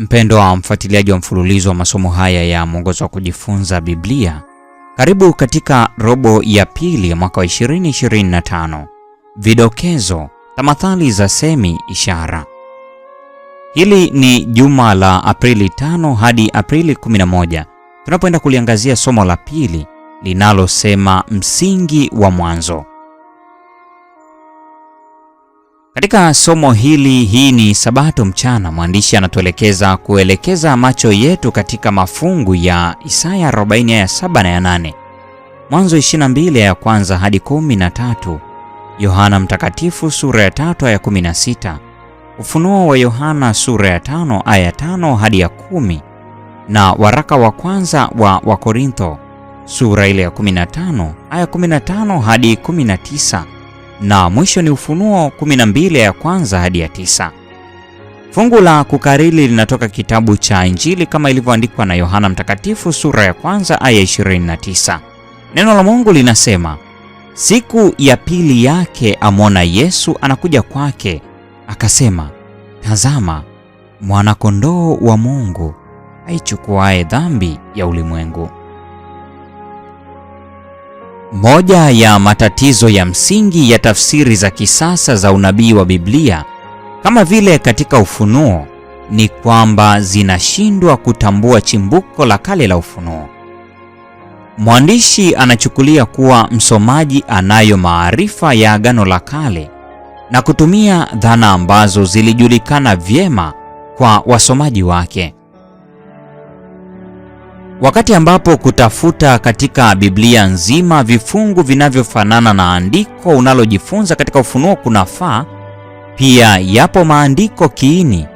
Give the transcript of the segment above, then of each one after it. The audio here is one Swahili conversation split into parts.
mpendo wa mfuatiliaji wa mfululizo wa masomo haya ya mwongozo wa kujifunza Biblia, karibu katika robo ya pili ya mwaka wa 2025. Vidokezo, tamathali za semi, ishara. Hili ni juma la Aprili 5 hadi Aprili 11 tunapoenda kuliangazia somo la pili linalosema msingi wa mwanzo. Katika somo hili, hii ni Sabato mchana, mwandishi anatuelekeza kuelekeza macho yetu katika mafungu ya Isaya 40 ya 7 na ya 8, Mwanzo 22 ya kwanza hadi 13, Yohana Mtakatifu sura ya 3 aya 16, Ufunuo wa Yohana sura ya 5 aya 5 hadi ya 10 na waraka wa kwanza wa Wakorintho sura ile ya 15 aya 15 hadi 19 na mwisho ni Ufunuo 12 ya kwanza hadi ya tisa. Fungu la kukariri linatoka kitabu cha Injili kama ilivyoandikwa na Yohana Mtakatifu sura ya kwanza aya 29. Neno la Mungu linasema, siku ya pili yake amwona Yesu anakuja kwake, akasema, tazama mwanakondoo wa Mungu aichukuaye dhambi ya ulimwengu. Moja ya matatizo ya msingi ya tafsiri za kisasa za unabii wa Biblia kama vile katika Ufunuo ni kwamba zinashindwa kutambua chimbuko la kale la ufunuo. Mwandishi anachukulia kuwa msomaji anayo maarifa ya Agano la Kale na kutumia dhana ambazo zilijulikana vyema kwa wasomaji wake. Wakati ambapo kutafuta katika Biblia nzima vifungu vinavyofanana na andiko unalojifunza katika Ufunuo kunafaa, pia yapo maandiko kiini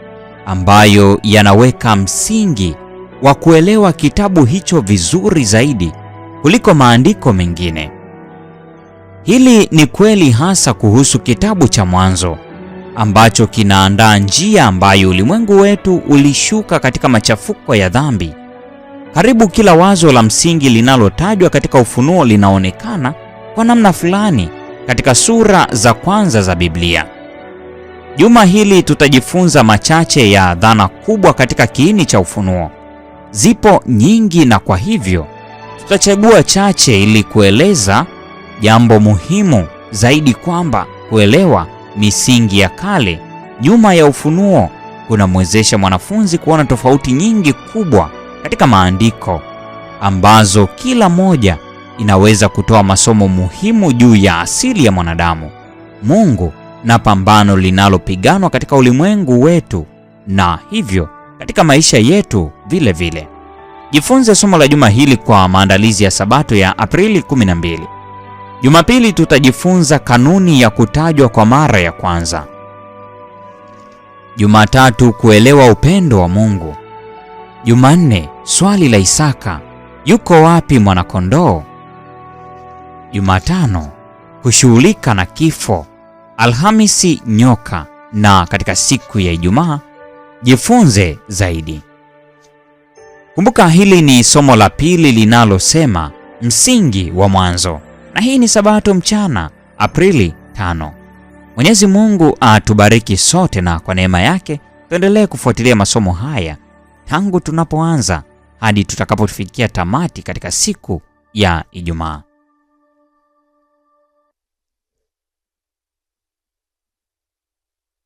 ambayo yanaweka msingi wa kuelewa kitabu hicho vizuri zaidi kuliko maandiko mengine. Hili ni kweli hasa kuhusu kitabu cha Mwanzo ambacho kinaandaa njia ambayo ulimwengu wetu ulishuka katika machafuko ya dhambi karibu kila wazo la msingi linalotajwa katika Ufunuo linaonekana kwa namna fulani katika sura za kwanza za Biblia. Juma hili tutajifunza machache ya dhana kubwa katika kiini cha Ufunuo. Zipo nyingi na kwa hivyo tutachagua chache ili kueleza jambo muhimu zaidi kwamba kuelewa misingi ya kale nyuma ya Ufunuo kunamwezesha mwanafunzi kuona tofauti nyingi kubwa katika maandiko ambazo kila moja inaweza kutoa masomo muhimu juu ya asili ya mwanadamu, Mungu na pambano linalopiganwa katika ulimwengu wetu na hivyo katika maisha yetu vile vile. Jifunze somo la juma hili kwa maandalizi ya Sabato ya Aprili 12. Jumapili tutajifunza kanuni ya kutajwa kwa mara ya kwanza. Jumatatu kuelewa upendo wa Mungu. Jumanne, swali la Isaka, yuko wapi mwanakondoo? Jumatano, kushughulika na kifo. Alhamisi, nyoka, na katika siku ya Ijumaa jifunze zaidi. Kumbuka hili ni somo la pili linalosema msingi wa mwanzo, na hii ni Sabato mchana Aprili tano Mwenyezi Mungu atubariki sote, na kwa neema yake tuendelee kufuatilia masomo haya tangu tunapoanza hadi tutakapofikia tamati katika siku ya Ijumaa.